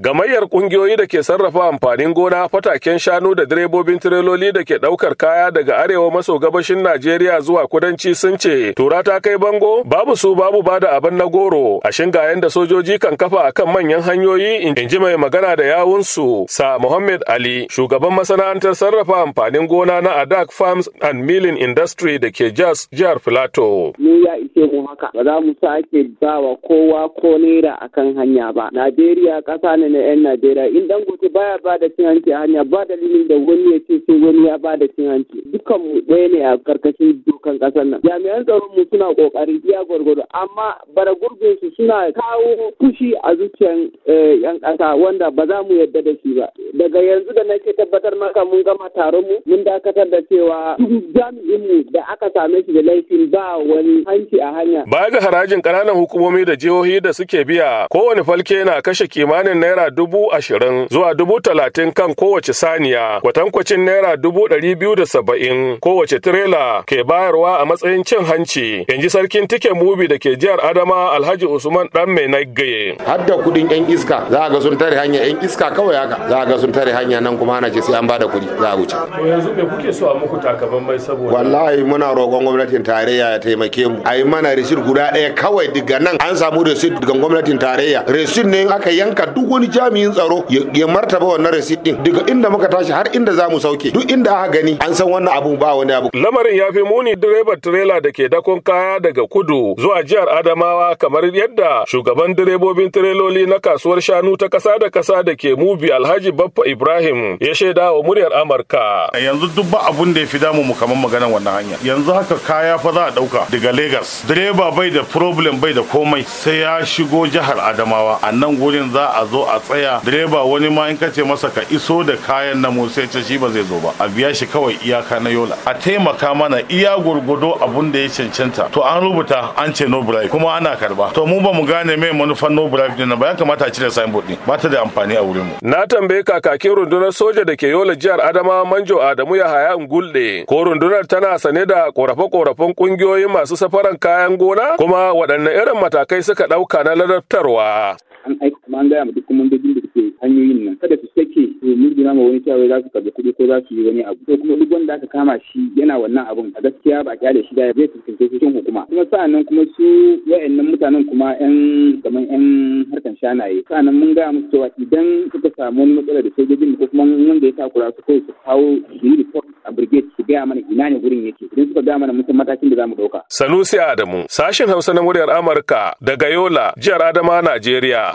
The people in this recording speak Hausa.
Gamayyar ƙungiyoyi da ke sarrafa amfanin gona fataken shanu da direbobin tireloli da ke ɗaukar kaya daga arewa maso gabashin Najeriya zuwa kudanci sun ce tura ta kai bango babu su babu bada abin na goro a shingayen da sojoji kan kafa akan manyan hanyoyi in ji mai magana da yawun su sa Muhammad Ali shugaban masana'antar sarrafa amfanin gona na Adak Farms and Milling Industry da ke Jos jihar Filato. Ni ya ishe mu ba za mu sake bawa kowa ko naira akan hanya ba. Najeriya ƙasa ne na 'yan Najeriya in dangote baya ba da cin hanci a hanya ba dalilin da wani ya ce sai wani ya ba da cin hanci dukkan mu ɗaya ne a karkashin dokan ƙasar nan jami'an tsaron mu suna ƙoƙarin iya gwargwado amma bara gurbin su suna kawo kushi a zuciyan eh, 'yan ƙasa wanda ba za mu yadda da shi ba daga yanzu da nake tabbatar maka mun gama taron mu mun dakatar da cewa jami'in mu da aka same shi da laifin ba wani hanci a hanya baya ga harajin kananan hukumomi da jihohi da suke biya kowane falke na kashe kimanin naira dubu ashirin zuwa dubu talatin kan kowace saniya kwatankwacin naira dubu ɗari biyu da saba'in kowace tirela ke bayarwa a matsayin cin hanci in sarkin tike mubi da ke jihar adama alhaji usman dan mai nagaye. har da kuɗin yan iska za a ga sun tare hanya yan iska kawai haka za a ga sun tare hanya nan kuma ana ce sai an bada kuɗi za a wuce. yanzu me kuke so a muku takaban mai saboda. wallahi muna roƙon gwamnatin tarayya ya taimake mu a yi mana risit guda ɗaya kawai daga nan an samu risit daga gwamnatin tarayya risit ne aka yanka duk wani jami'in tsaro ya martaba wannan receipt din daga inda muka tashi har inda za sauke duk inda aka gani an san wannan abun ba wani abu lamarin ya fi muni direban tirela da ke dakon kaya daga kudu zuwa jihar adamawa kamar yadda shugaban direbobin tireloli na kasuwar shanu ta kasa da kasa da ke mubi alhaji baffa ibrahim ya shaida wa muryar amurka yanzu duk ba abun da ya fi damu mu kamar maganar wannan hanya yanzu haka kaya fa za a dauka daga lagos direba bai da problem bai da komai sai ya shigo jihar adamawa a nan gurin za a zo a tsaya direba wani ma in kace masa ka iso da kayan na sai ce shi ba zai zo ba a biya shi kawai iyaka na yola a taimaka mana iya gurgudo abun da ya cancanta to an rubuta an ce no bribe kuma ana karba to mu ba mu gane mai manufan no bribe din ba ya kamata a cire signboard din ba ta da amfani a wurin mu na tambaye kakakin rundunar soja da ke yola jihar adama manjo adamu yahaya ngulde ko rundunar tana sane da korafe-korafen kungiyoyin masu safaran kayan gona kuma waɗanne irin matakai suka ɗauka na ladabtarwa an kuma an gaya ma duk kumandojin da suke hanyoyin nan kada su sake su murgina ma wani cewa za su karɓi kuɗi ko za su yi wani abu ko kuma duk wanda aka kama shi yana wannan abun a gaskiya ba da shi da zai fuskanci cikin hukuma kuma sa'annan kuma su wa'annan mutanen kuma yan kamar yan harkan shanaye sa'annan mun gaya musu cewa idan suka samu wani matsala da sojojin ko kuma wanda ya takura su kawai su kawo su yi report a brigade su gaya mana ina ne wurin yake idan suka gaya mana mutum matakin da za mu ɗauka. Sanusi Adamu sashen Hausa na muryar Amurka daga Yola jihar Adama Najeriya.